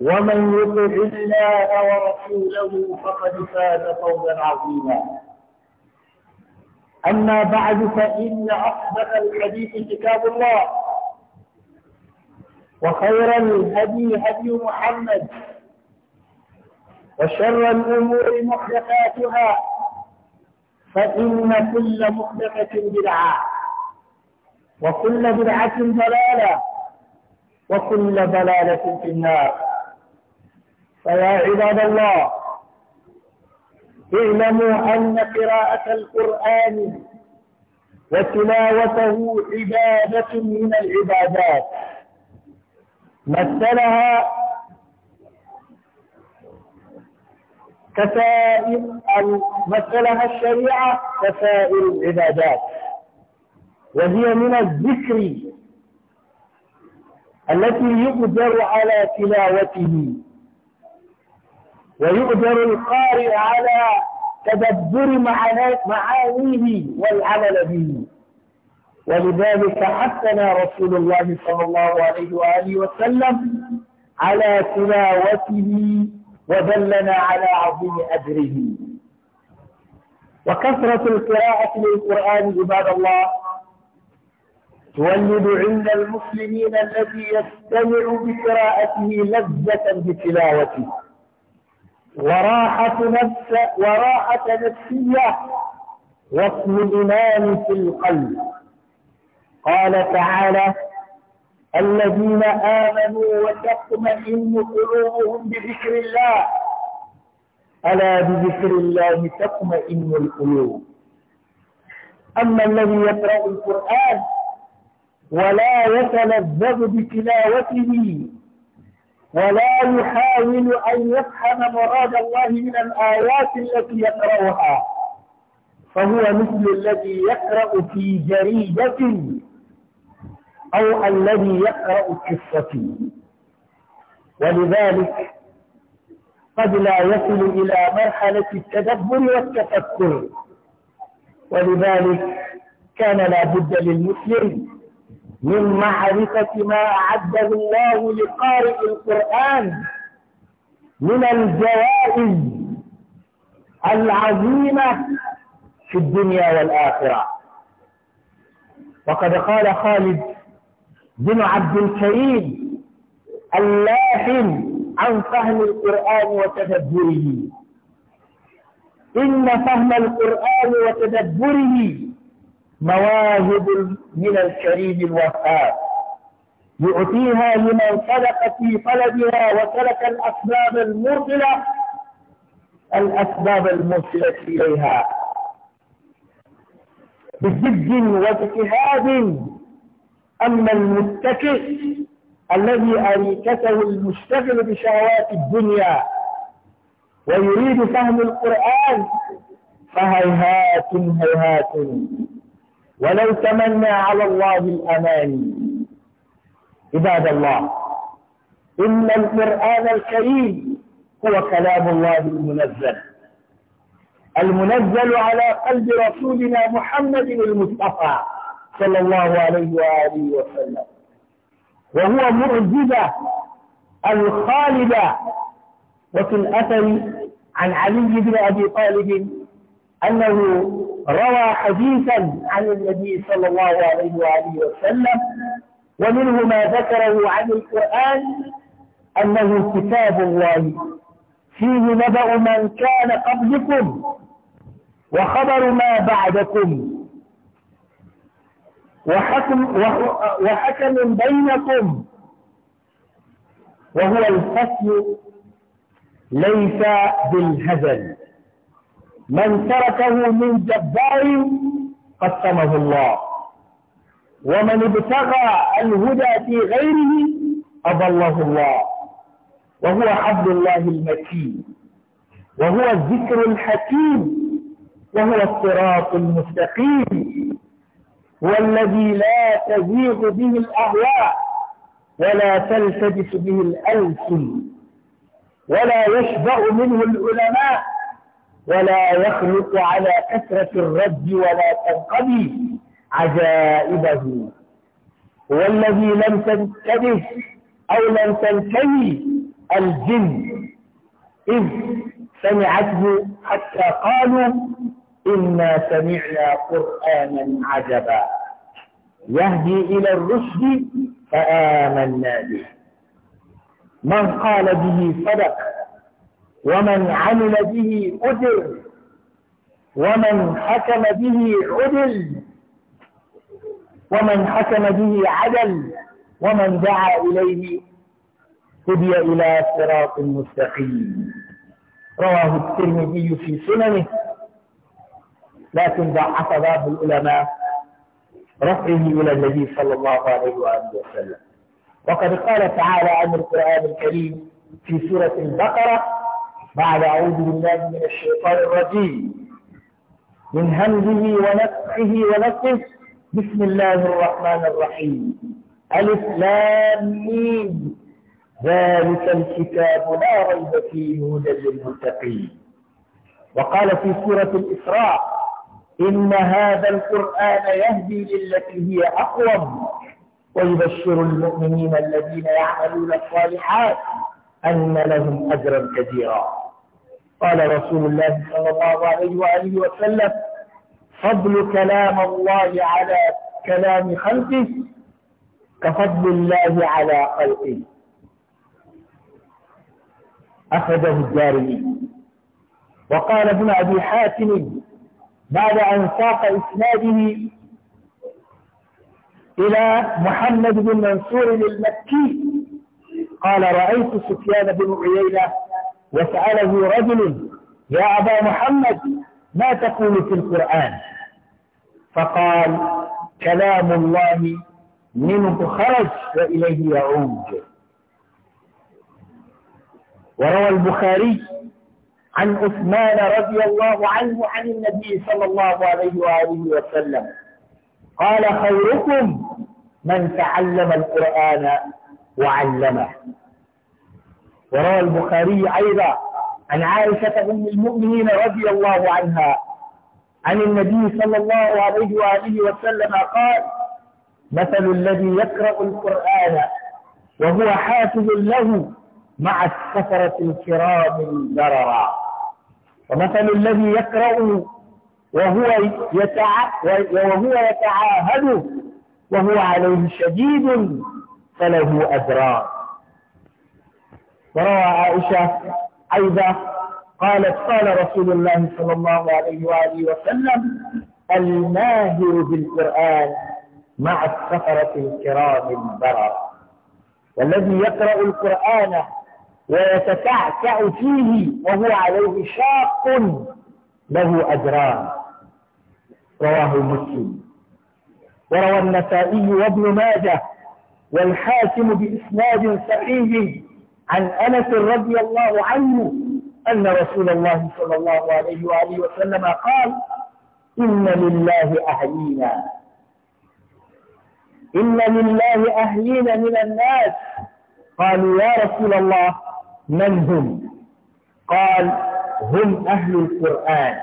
ومن يطع الله ورسوله فقد فاز فوزا عظيما اما بعد فان اصدق الحديث كتاب الله وخير الهدي هدي محمد وشر الامور محدثاتها فان كل محدثه بدعه وكل بدعه ضلاله وكل ضلاله في النار فيا عباد الله اعلموا أن قراءة القرآن وتلاوته عبادة من العبادات مثلها كسائر مثلها الشريعة كسائر العبادات وهي من الذكر التي يقدر على تلاوته ويؤجر القارئ على تدبر معانيه والعمل به ولذلك حثنا رسول الله صلى الله عليه وآله وسلم على تلاوته ودلنا على عظيم أجره وكثرة القراءة للقرآن عباد الله تولد عند المسلمين الذي يستمع بقراءته لذة بتلاوته وراحة نفس وراحة نفسية واطمئنان في القلب قال تعالى الذين آمنوا وتطمئن قلوبهم بذكر الله ألا بذكر الله تطمئن القلوب أما الذي يقرأ القرآن ولا يتلذذ بتلاوته ولا يحاول أن يفهم مراد الله من الآيات التي يقرأها فهو مثل الذي يقرأ في جريدة أو الذي يقرأ قصة ولذلك قد لا يصل إلى مرحلة التدبر والتفكر ولذلك كان لا بد للمسلم من معرفة ما أعده الله لقارئ القرآن من الجوائز العظيمة في الدنيا والآخرة وقد قال خالد بن عبد الكريم اللاحم عن فهم القرآن وتدبره إن فهم القرآن وتدبره مواهب من الكريم الوهاب يعطيها لمن سلك في طلبها وسلك الأسباب المرسلة الأسباب المرسلة إليها بجد واجتهاد أما المتكئ الذي أريكته المشتغل بشهوات الدنيا ويريد فهم القرآن فهيهات هيهات ولو تمنى على الله الأماني عباد الله إن القرآن الكريم هو كلام الله المنزل المنزل على قلب رسولنا محمد المصطفى صلى الله عليه وآله وسلم وهو معجزة الخالدة وفي الأثر عن علي بن أبي طالب أنه روى حديثا عن النبي صلى الله عليه وآله وسلم ومنه ما ذكره عن القرآن أنه كتاب الله فيه نبأ من كان قبلكم وخبر ما بعدكم وحكم, وحكم بينكم وهو الفصل ليس بالهزل من تركه من جبار قسمه الله ومن ابتغى الهدى في غيره أضله الله وهو عبد الله المكين وهو الذكر الحكيم وهو الصراط المستقيم هو الذي لا تزيغ به الأهواء ولا تلتبس به الألسن ولا يشبع منه العلماء ولا يخلق على كثرة الرد ولا تنقضي عجائبه هو الذي لم تنتبه أو لم تنتهي الجن إذ سمعته حتى قالوا إنا سمعنا قرآنا عجبا يهدي إلى الرشد فآمنا به من قال به صدق ومن عمل به أدر ومن حكم به عدل ومن حكم به عدل ومن دعا إليه هدي إلى صراط مستقيم رواه الترمذي في سننه لكن ضعف بعض العلماء رفعه إلى النبي صلى الله عليه وآله وسلم وقد قال تعالى عن القرآن الكريم في سورة البقرة بعد أعوذ بالله من الشيطان الرجيم من همزه ونفخه ونفخه بسم الله الرحمن الرحيم ألف لام ميم ذلك الكتاب لا ريب فيه هدى للمتقين وقال في سورة الإسراء إن هذا القرآن يهدي للتي هي أقوم ويبشر المؤمنين الذين يعملون الصالحات أن لهم أجرا كثيرا قال رسول الله صلى الله عليه وآله وسلم فضل كلام الله على كلام خلقه كفضل الله على خلقه أخذه الدارمي وقال ابن أبي حاتم بعد أن ساق إسناده إلى محمد بن منصور المكي قال رأيت سفيان بن عيينة وسأله رجل يا أبا محمد ما تقول في القرآن فقال كلام الله منه خرج وإليه يعود وروى البخاري عن عثمان رضي الله عنه عن النبي صلى الله عليه وآله وسلم قال خيركم من تعلم القرآن وعلمه وروى البخاري أيضا عن عائشة أم المؤمنين رضي الله عنها عن النبي صلى الله عليه وآله وسلم قال مثل الذي يقرأ القرآن وهو حافظ له مع السفرة الكرام البررة ومثل الذي يقرأ وهو يتع... وهو يتعاهد وهو عليه شديد فله أدراك وروى عائشة أيضا قالت قال رسول الله صلى الله عليه وآله وسلم الماهر بالقرآن مع السفرة الكرام البرر والذي يقرأ القرآن ويتكعكع فيه وهو عليه شاق له أجران رواه مسلم وروى النسائي وابن ماجه والحاكم بإسناد صحيح عن أنس رضي الله عنه أن رسول الله صلى الله عليه وآله وسلم قال إن لله أهلينا إن لله أهلينا من الناس قالوا يا رسول الله من هم قال هم أهل القرآن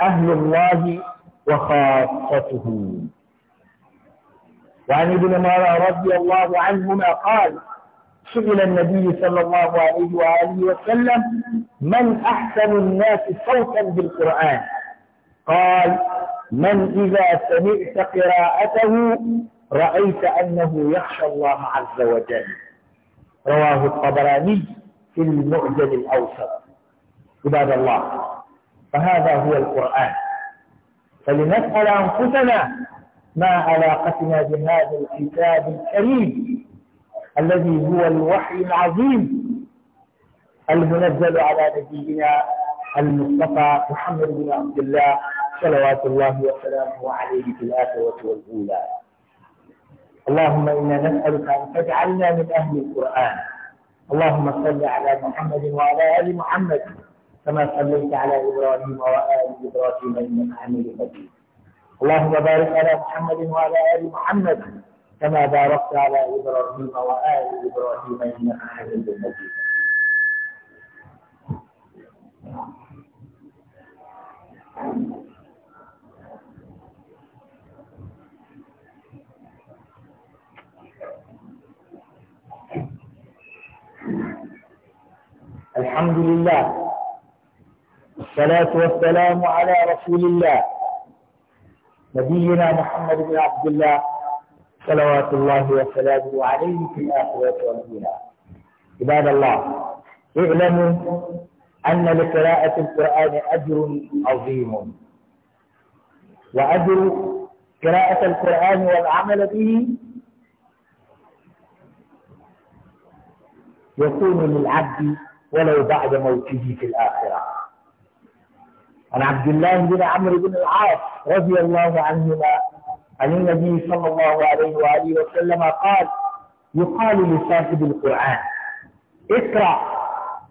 أهل الله وخاصته وعن ابن مرى رضي الله عنهما قال سئل النبي صلى الله عليه وآله وسلم من أحسن الناس صوتا بالقرآن قال من إذا سمعت قراءته رأيت أنه يخشى الله عز وجل رواه الطبراني في المعجم الأوسط عباد الله فهذا هو القرآن فلنسأل أنفسنا ما علاقتنا بهذا الكتاب الكريم الذي هو الوحي العظيم المنزل على نبينا المصطفى محمد بن عبد الله صلوات الله وسلامه عليه في الآخرة والأولى اللهم إنا نسألك أن تجعلنا من أهل القرآن اللهم صل على محمد وعلى آل محمد كما صليت على إبراهيم وآل إبراهيم إنك حميد مجيد اللهم بارك على محمد وعلى آل محمد كما باركت على إبراهيم وآل إبراهيم إنك حميد مجيد الحمد لله والصلاة والسلام على رسول الله نبينا محمد بن عبد الله صلوات الله وسلامه عليه في الآخرة والدنيا عباد الله اعلموا أن لقراءة القرآن أجر عظيم وأجر قراءة القرآن والعمل به يكون للعبد ولو بعد موته في الآخرة عن عبد الله بن عمرو بن العاص رضي الله عنهما عن النبي صلى الله عليه وآله وسلم قال يقال لصاحب القرآن اقرأ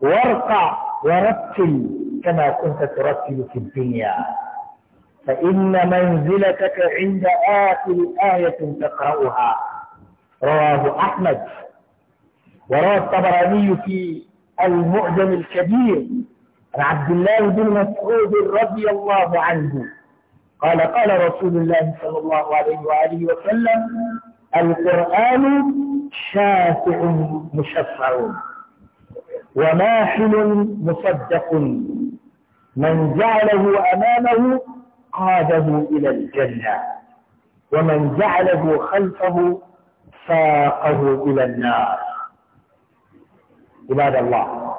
وارقع ورتل كما كنت ترتل في الدنيا فإن منزلتك عند آخر آية تقرأها رواه أحمد وروى الطبراني في المعجم الكبير عن عبد الله بن مسعود رضي الله عنه قال قال رسول الله صلى الله عليه وآله وسلم القرآن شافع مشفع وماحل مصدق من جعله أمامه قاده إلى الجنة ومن جعله خلفه ساقه إلى النار عباد الله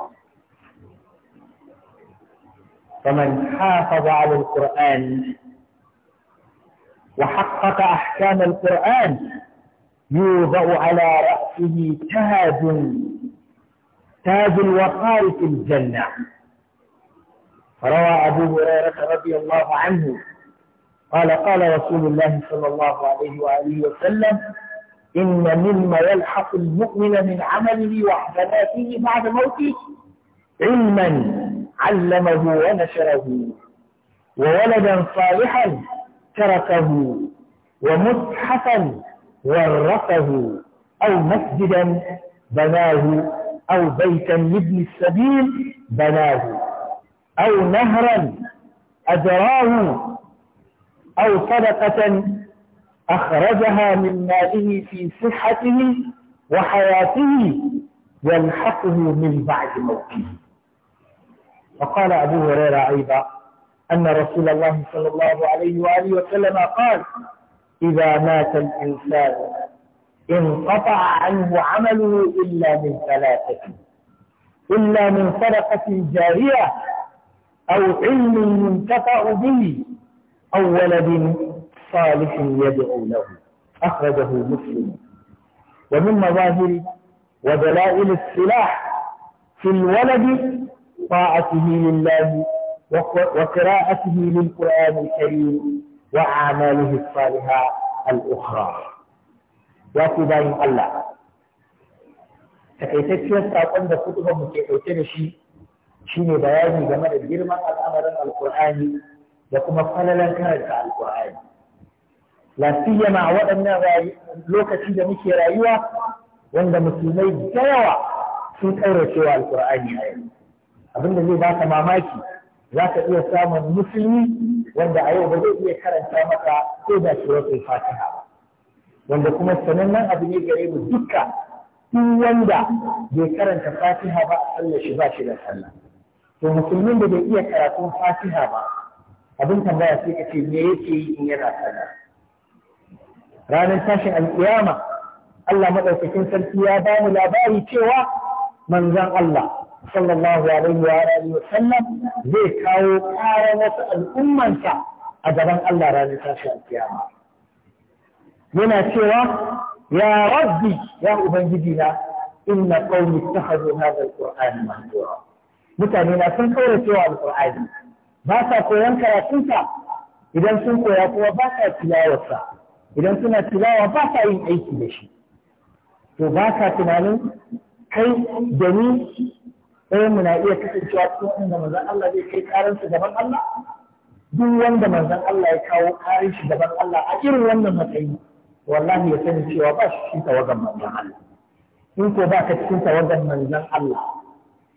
فمن حافظ على القرآن وحقق أحكام القرآن يوضع على رأسه تاج تاج الوقار في الجنة روى أبو هريرة رضي الله عنه قال قال رسول الله صلى الله عليه وآله وسلم إن مما يلحق المؤمن من عمله وحسناته بعد موته علما علمه ونشره وولدا صالحا تركه ومصحفا ورثه أو مسجدا بناه أو بيتا لابن السبيل بناه أو نهرا أجراه أو صدقة أخرجها من ماله في صحته وحياته يلحقه من بعد موته وقال أبو هريرة أيضا أن رسول الله صلى الله عليه وآله وسلم قال إذا مات الإنسان انقطع عنه عمله إلا من ثلاثة إلا من صدقة جارية أو علم ينتفع به أو ولد صالح يدعو له أخرجه مسلم ومن مظاهر ودلائل السلاح في الولد طاعته لله وقراءته للقرآن الكريم وأعماله الصالحة الأخرى وكبار الله takaitacciyar saƙon da kutuban mu ke ɗauke da shi shine bayani game da girman al'amarin alƙur'ani da kuma falalan karanta alƙur'ani lafiya ma waɗannan lokaci da muke rayuwa wanda musulmai da yawa sun ƙauracewa alƙur'ani a yau abin da zai baka mamaki za ka iya samun musulmi wanda a yau ba zai iya karanta maka ko da suratul fatiha ba wanda kuma sanannen abu ne gare mu dukka duk wanda bai karanta fatiha ba a sallar shi ba shi da sallah to musulmin da bai iya karatun fatiha ba abin tambaya sai ka ce me yake yi in yana sallah ranar tashin alkiyama Allah madaukakin sarki ya bamu labari cewa manzon Allah sallallahu alaihi wa alihi wa sallam zai kawo ƙara wasu al'ummansa a gaban Allah ranar tashin kiyama yana cewa ya rabbi ya ubangiji na inna qaumi ittakhadhu hadha alqur'ana mahjura mutane na sun kaura cewa alqur'ani ba sa koyon karatunsa idan sun koya kuma ba sa tilawarsa idan suna tilawa ba sa yin aiki da shi to ba sa tunanin kai da ni ɗayan mu na iya kasancewa cikin wanda manzon Allah zai kai karan su gaban Allah duk wanda manzon Allah ya kawo karan shi gaban Allah a irin wannan matsayi wallahi ya sani cewa ba shi cikin tawagan manzon Allah in ko ba ka cikin tawagan manzon Allah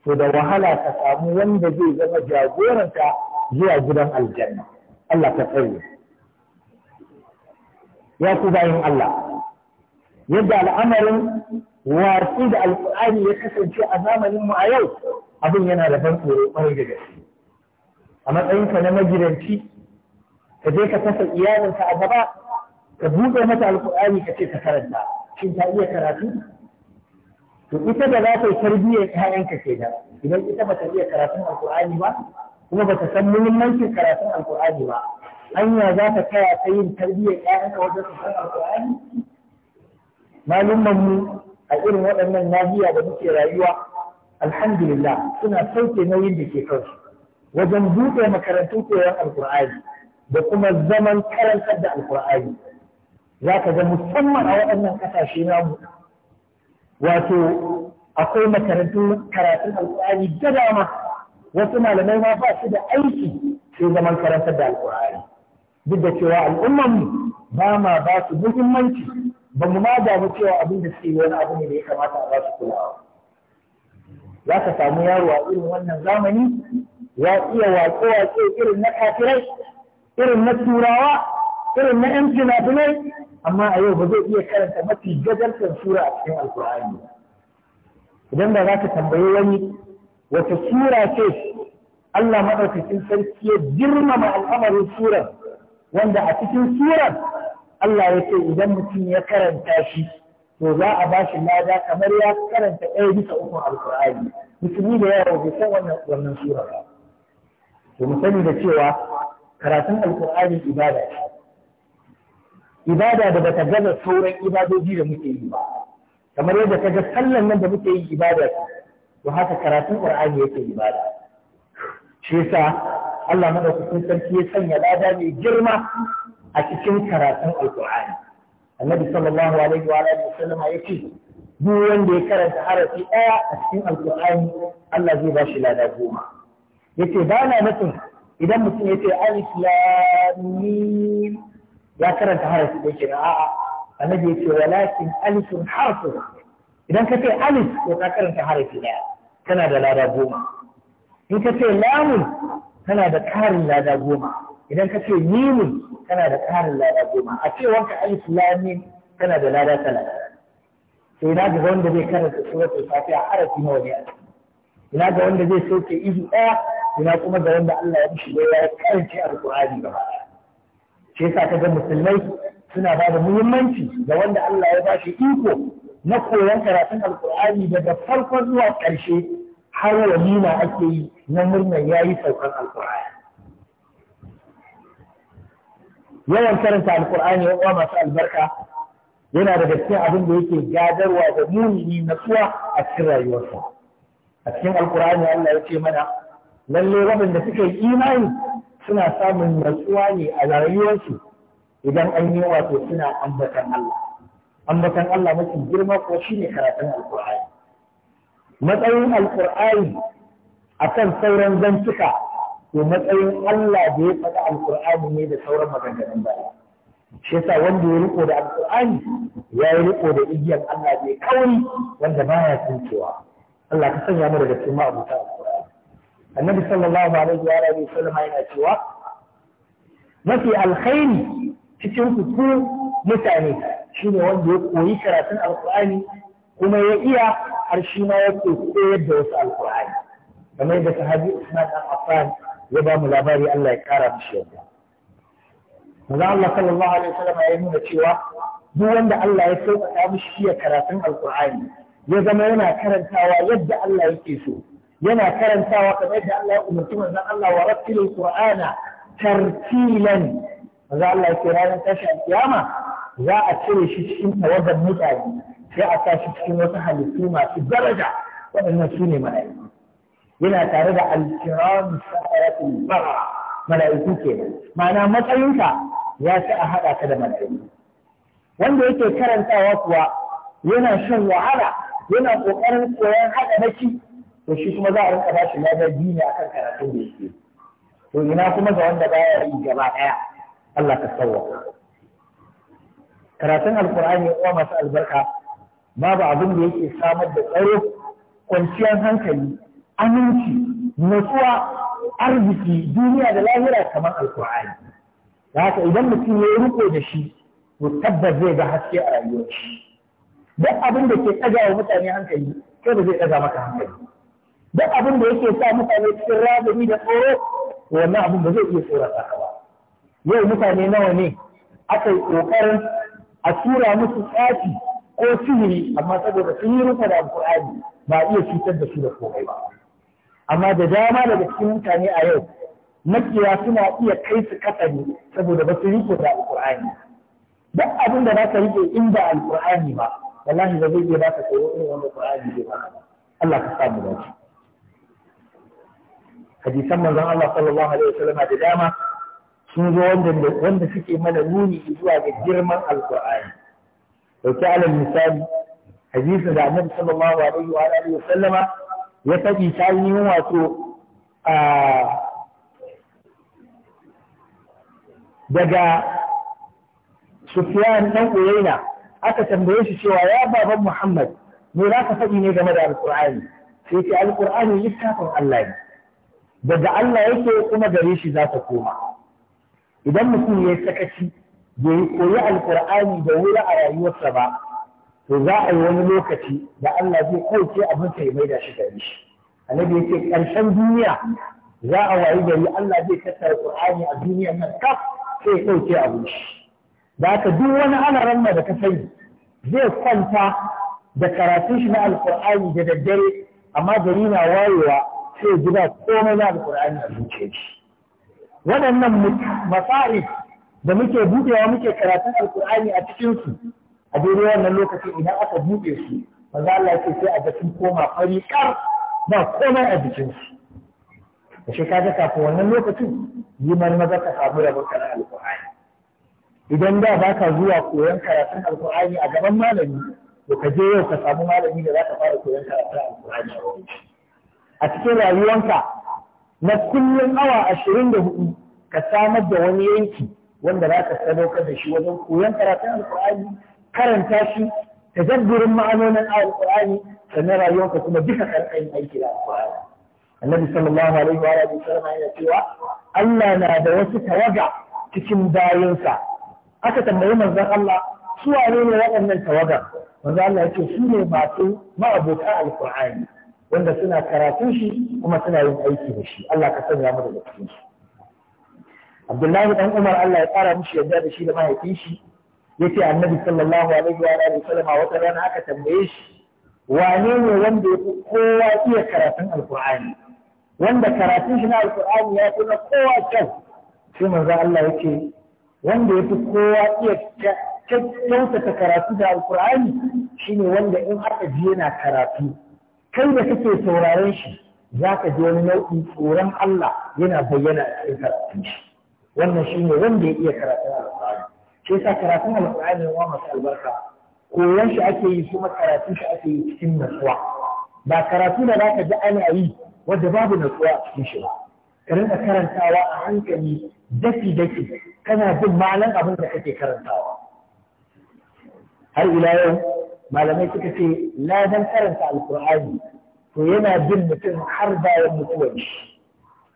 to da wahala ka samu wanda zai zama jagoranta zuwa gidan aljanna Allah ka tsare ya ku bayin Allah yadda al'amarin watsi da alkur'ani ya kasance a zamanin mu a yau abin yana da ban tsoro kwarai da gaske a matsayinka na magidanci ka je ka kasa iyalinka a gaba ka buɗe mata alkur'ani ka ce ka karanta shin ta iya karatu to ita da za ta yi tarbiyyar ƴaƴanka kenan idan ita ba ta iya karatun alkur'ani ba kuma ba ta san muhimmancin karatun alkur'ani ba hanya za ta kaya ta yin tarbiyyar ƴaƴanka wajen su alkur'ani malumman mu a irin waɗannan nahiya da muke rayuwa alhamdulillah suna sauke nauyin da ke kansu wajen buɗe makarantun koyon alkur'ani da kuma zaman karantar da alkur'ani za ka ga musamman a waɗannan ƙasashe namu wato akwai makarantun karatun alkur'ani da dama wasu malamai ma ba su da aiki sai zaman karantar da alkur'ani duk da cewa al'ummanmu ba ma ba su muhimmanci ba mu ma damu cewa abin da suke wani abu ne da ya kamata a basu kulawa za ka samu yaro a irin wannan zamani ya iya waƙe-waƙe irin na kafirai irin na turawa irin na yan finafinai amma a yau ba zai iya karanta mafi gajartar sura a cikin alkur'ani idan da za ka tambayi wani wata sura ce Allah maɗaukacin sarki ya girmama al'amarin surar wanda a cikin surar Allah ya ce idan mutum ya karanta shi to za a ba shi lada kamar ya karanta ɗaya bisa uku alƙur'ani musulmi da yawa bai san wannan wannan sura ba to mu sani da cewa karatun alƙur'ani ibada ce ibada da bata gaza sauran ibadoji da muke yi ba kamar yadda ka ga sallan nan da muke yi ibada ce to haka karatun qur'ani yake ibada shi yasa Allah madaukakin sarki ya sanya lada mai girma a cikin karatun alkur'ani annabi sallallahu alaihi wa alihi wasallama yace duk wanda ya karanta harafi ɗaya a cikin alkur'ani Allah zai ba shi lada goma yace ba na nufin idan mutum yace alif lam ya karanta harafi ɗaya kenan a'a annabi yace walakin alifun harfu idan ka ce alif to ka karanta harafi ɗaya kana da lada goma in ka ce lamun kana da karin lada goma idan ka ce mimun kana da ƙarin lada goma a ce wanka alif lamin kana da lada talata to ina ga wanda zai karanta suratul fatiha harafi nawa ne ina ga wanda zai soke izu ɗaya ina kuma ga wanda Allah ya mishi da ya karance alqur'ani gaba shi yasa kaga musulmai suna ba da muhimmanci ga wanda Allah ya ba shi iko na koyon karatun alkur'ani daga farkon zuwa ƙarshe har walima ake yi na murnar yayi saukan alkur'ani yawan karanta alkur'ani ya masu albarka yana daga cikin abin da yake gadarwa da mumini natsuwa a cikin rayuwarsa a cikin alkur'ani Allah ya ce mana lalle waɗanda suka yi imani suna samun natsuwa ne a rayuwarsu idan an yi wato suna ambatan Allah ambatan Allah mafi girma ko ne karatun alkur'ani matsayin alkur'ani akan sauran zantuka to matsayin Allah da ya faɗa alƙur'ani ne da sauran maganganun baya shi yasa wanda ya riko da alƙur'ani ya yi riko da igiyar Allah ya kauri wanda baya tsinkewa Allah ka sanya mu daga cikin ma'abuta alƙur'ani annabi sallallahu alaihi wa alihi wasallam yana cewa mafi alkhairi cikin kuku mutane shine wanda ya koyi karatun alƙur'ani kuma ya iya har shi ma yake koyar da wasu alƙur'ani kamar da sahabi Usman dan Affan ya ba mu labari Allah ya kara mishi yadda manzo Allah sallallahu alaihi wasallam ya nuna cewa duk wanda Allah ya sauƙaƙa mishi iya karatun alqur'ani ya zama yana karantawa yadda Allah yake so yana karantawa kamar yadda Allah ya umarci manzon Allah wa rattilil qur'ana tartilan manzo Allah ya ce ranar tashi kiyama za a cire shi cikin tawagar mutane sai a sa shi cikin wasu halittu masu daraja waɗannan su ne yana tare da alkiram sa'aratul bara mala'iku kenan ma'ana matsayinka ya ci a haɗa ka da mala'iku wanda yake karantawa kuwa yana shan wahala yana ƙoƙarin koyon haɗa naki to shi kuma za a rinka bashi ladar biyu akan karatun da yake to ina kuma ga wanda baya yi gaba ɗaya Allah ka sauwa karatun alkur'ani uwa masu albarka babu abin da yake samar da tsaro kwanciyar hankali aminci natsuwa arziki duniya da lahira kamar alkur'ani da haka idan mutum ya riko da shi to tabbas zai ga haske a rayuwar shi duk abin da ke ɗaga wa mutane hankali kai ba zai ɗaga maka hankali duk abin da yake sa mutane cikin ragami da tsoro wannan abin ba zai iya tsorata ka ba yau mutane nawa ne aka yi ƙoƙarin a tura musu tsafi ko sihiri amma saboda sun yi rufa da alkur'ani ba iya cutar da su da komai ba amma da dama daga cikin mutane a yau makiya suna iya kai su kasari saboda ba su riƙe da alƙur'ani duk abin da za ka rike in ba alƙur'ani ba wallahi ba zai iya ba ka koyo irin wanda alƙur'ani zai ba Allah ka sa mu dace hadisan manzon Allah sallallahu alaihi wasallam da dama sun zo wanda wanda suke mana nuni zuwa ga girman alƙur'ani dauki alal misali hadisin da annabi sallallahu alaihi wa alihi wasallama ya faɗi ta wato daga Sufyan ɗan Uyayna aka tambaye shi cewa ya baban Muhammad me za ka faɗi ne game da Alƙur'ani sai ce Alƙur'ani littafin Allah ne daga Allah yake kuma gare shi za ta koma idan mutum ya sakaci bai koyi Alƙur'ani da wuri a rayuwarsa ba to za a yi wani lokaci da Allah zai kauce abin sa ya maida shi gari shi annabi yace karshen duniya za a wayi gari Allah zai tattara Qur'ani a duniyar nan kaf sai ya kauce abin shi da ka duk wani alaran da ka sani zai kwanta da karatun shi na Alƙur'ani da daddare amma gari na wayewa sai gida komai na Alƙur'ani a zuciyar shi waɗannan masarif da muke buɗewa muke karatun Alƙur'ani a cikin su a daidai wannan lokaci idan aka buɗe su maza Allah ce sai a ga sun koma fari kar ba komai a bikinsu. su da shi kaga kafin wannan lokacin yi marmaza ka samu rabon kana alƙur'ani idan da ba ka zuwa koyon karatun alƙur'ani a gaban malami to ka je yau ka samu malami da za ka fara koyon karatun alƙur'ani a cikin rayuwanka na kullum awa ashirin da hudu ka samar da wani yanki wanda za ka sadaukar da shi wajen koyon karatun alƙur'ani karanta shi tadabburin ma'anonin alqur'ani sannan rayuwarka kuma duka karkan aiki da al-Qur'ani annabi sallallahu alaihi wa alihi sallama yana cewa Allah na da wasu tawaga cikin bayinsa aka tambayi manzon Allah su wane ne waɗannan tawaga manzon Allah ya ce su ne masu al qurani wanda suna karatun shi kuma suna yin aiki da shi Allah ka sanya mu da cikin shi Abdullahi dan Umar Allah ya fara mishi yadda da shi da mahaifin shi yace annabi sallallahu alaihi wa alihi wasallam wata rana aka tambaye shi wane ne wanda ya fi kowa iya karatun alqur'ani wanda karatun shi na alqur'ani ya fi na kowa kyau sai manzo Allah yace wanda ya fi kowa iya kyautata karatu da alqur'ani shine wanda in aka ji yana karatu kai da kake sauraron shi za ka ji wani nau'in tsoron Allah yana bayyana a cikin karatun shi wannan shine wanda ya iya karatun karatu shi yasa karatun alƙur'ani yawa masu albarka koyon shi ake yi kuma karatun shi ake yi cikin natsuwa ba karatu da zaka ji ana yi wanda babu natsuwa a cikin shi ba ka rinka karantawa a hankali daki daki kana bin malan abin da kake karantawa har ila yau malamai suka ce ladan karanta alƙur'ani to yana bin mutum har bayan mutuwar shi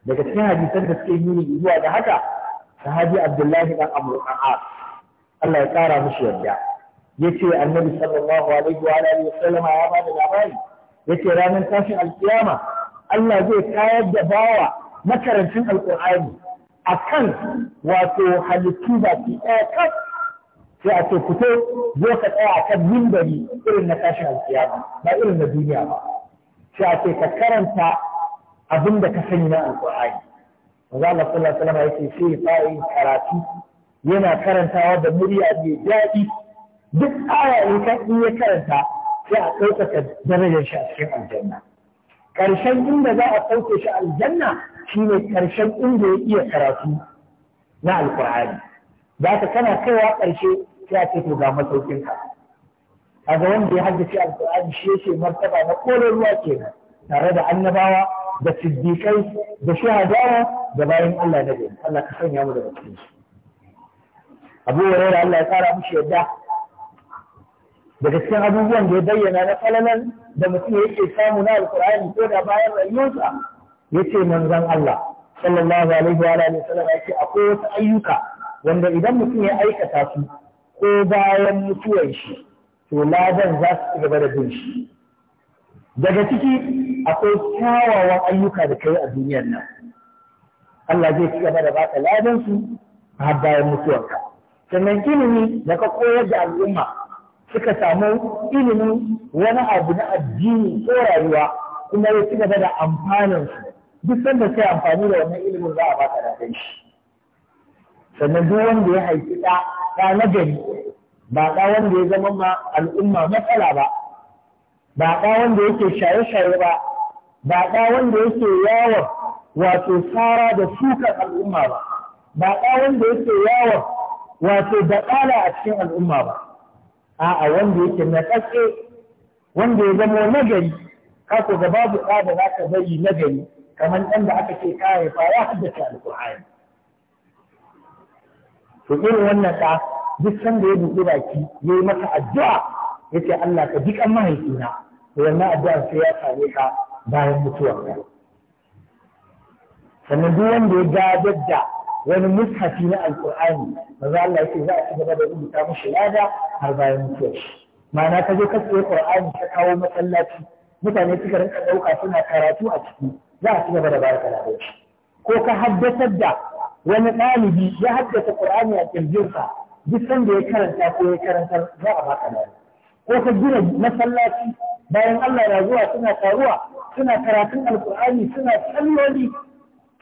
daga cikin hadisan da suke nuni zuwa da haka sahabi abdullahi dan amru an as Allah ya ƙara mushi yadda. ya ce annabi sallallahu alaihi wa alihi ya bada labari ya ce ranar tashin alkiyama Allah zai kayar da bawa makarantun alƙur'ani a kan wato halittu ba ki ɗaya kan sai a ce fito zo ka tsaya a kan mimbari irin na tashin alkiyama ba irin na duniya ba sai a ce ka karanta abin da ka sani na alƙur'ani. Maza Allah sallallahu alaihi wa ya ce sai ya fara yin karatu yana karantawa da murya mai daɗi duk aya in ka in ya karanta sai a ɗaukaka darajar shi a cikin aljanna ƙarshen inda za a ɗauke shi aljanna shine ƙarshen inda ya iya karatu na alƙur'ani za ka kana kaiwa ƙarshe sai a ce to ga masaukinka a ga wanda ya haddace alƙur'ani shi yake martaba na kolon ruwa kenan tare da annabawa da siddiƙai da shahadawa da bayan Allah na gari Allah ka sanya mu daga cikin su abu hurairah Allah ya kara mushi yadda daga cikin abubuwan da ya bayyana na falalan da mutum yake samu na alkur'ani ko da bayan rayuwarsa ce manzan Allah sallallahu alaihi wa alihi wasallam yace akwai wasu ayyuka wanda idan mutum ya aikata su ko bayan mutuwar shi to ladan za su ci gaba da bin shi daga ciki akwai kyawawan ayyuka da kai a duniyar nan Allah zai ci gaba da baka ladan su har bayan mutuwarka sannan ilimi da ka koyar da al'umma suka samu ilimi wani abu na addini ko rayuwa kuma ya ci gaba da amfanin su duk sanda sai amfani da wani ilimin za a ka ladan shi sannan duk wanda ya haifi ɗa ɗa na gari ba ɗa wanda ya zama ma al'umma matsala ba ba ɗa wanda yake shaye-shaye ba ba ɗa wanda yake yawon wato tsara da sukar al'umma ba ba ɗa wanda yake yawon wato da ƙala a cikin al'umma ba a'a wanda yake na ƙasƙe wanda ya zama nagari ka ko ga babu ɗa da za ka bari nagari kamar ɗan da aka ce kare fa ya haddace alƙur'ani to irin wannan ɗa duk sanda ya buɗe baki ya yi maka addu'a ya ce Allah ka jiƙan mahaifina to wannan addu'ar sai ya same ka bayan mutuwa. sannan duk wanda ya gadar wani mushafi na alkur'ani maza Allah yake za a cigaba da rubuta mashi lada har bayan mutuwar shi ma'ana ta zo kasuwar qur'ani ta kawo masallaci mutane suka rinka ɗauka suna karatu a ciki za a da baraka da shi ko ka haddatar da wani ɗalibi ya haddasa qur'ani a kirjinsa duk sanda ya karanta ko ya karantar za a baka lada ko ka gina masallaci bayan Allah ya zuwa suna taruwa suna karatun alkur'ani suna salloli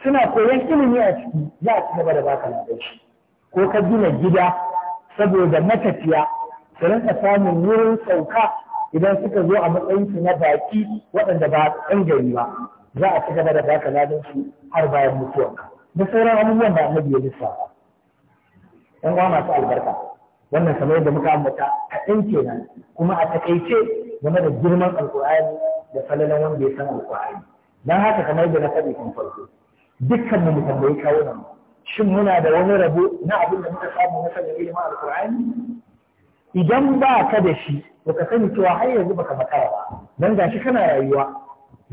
suna koyon ilimi a ciki za a ci gaba da baka ladan ko ka gina gida saboda matafiya su rinka samun wurin sauka idan suka zo a matsayinsu na baki waɗanda ba ɗan gari ba za a ci gaba da baka ladan har bayan mutuwarka da sauran abubuwan da annabi ya lissafa ɗan uwa masu albarka wannan kamar yadda muka ambata kaɗan kenan kuma a takaice game da girman alƙur'ani da falalan wanda ya san alƙur'ani don haka kamar yadda na faɗi kan farko dukkan mu tambayi kawo nan shin muna da wani rabo na abin da muka samu na sanin ilimin idan ba ka da shi baka sani cewa har yanzu baka makara ba dan gashi kana rayuwa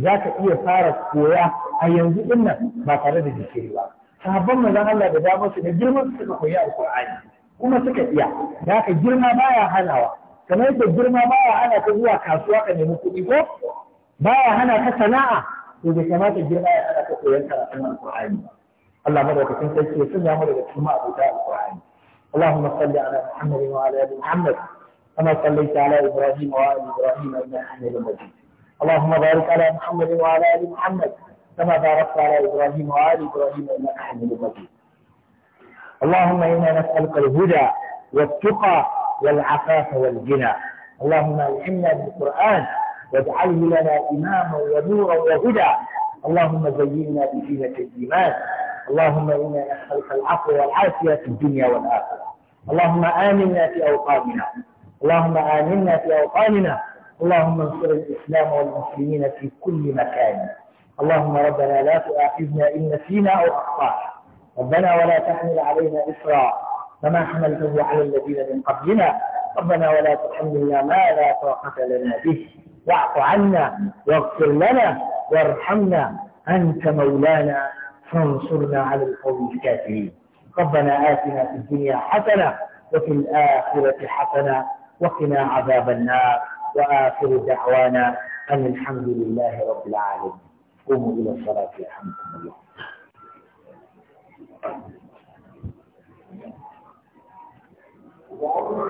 za ka iya fara koya a yanzu din nan ba tare da jikiri ba sabon manzon Allah da dama su da girman su suka koyi alqur'ani kuma suka iya Za ka girma baya hanawa kamar yadda girma baya hana ka zuwa kasuwa ka nemi kuɗi ko baya hana ka sana'a ya ka koyon karatun Allah madaukakin sarki ya sanya mu daga cikin ma'abuta اللهم صل على محمد وعلى ال محمد كما صليت على ابراهيم وعلى ابراهيم انك حميد مجيد اللهم بارك على محمد وعلى ال محمد كما باركت على ابراهيم وعلى ابراهيم انك حميد مجيد اللهم انا نسالك الهدى والتقى والعفاف والغنى اللهم الحمنا بالقران واجعله لنا إماما ونورا وهدى اللهم زينا بزينة الإيمان اللهم إنا نسألك العفو والعافية في الدنيا والآخرة اللهم آمنا في أوطاننا اللهم آمنا في أوطاننا اللهم انصر الإسلام والمسلمين في كل مكان اللهم ربنا لا تؤاخذنا إن نسينا أو أخطأنا ربنا ولا تحمل علينا إسرا كما حملته على الذين من قبلنا ربنا ولا تحملنا ما لا طاقة لنا به واعف عنا واغفر لنا وارحمنا أنت مولانا فانصرنا على القوم الكافرين ربنا آتنا في الدنيا حسنة وفي الآخرة حسنة وقنا عذاب النار وآخر دعوانا أن الحمد لله رب العالمين قوموا إلى الصلاة يرحمكم الله Thank you.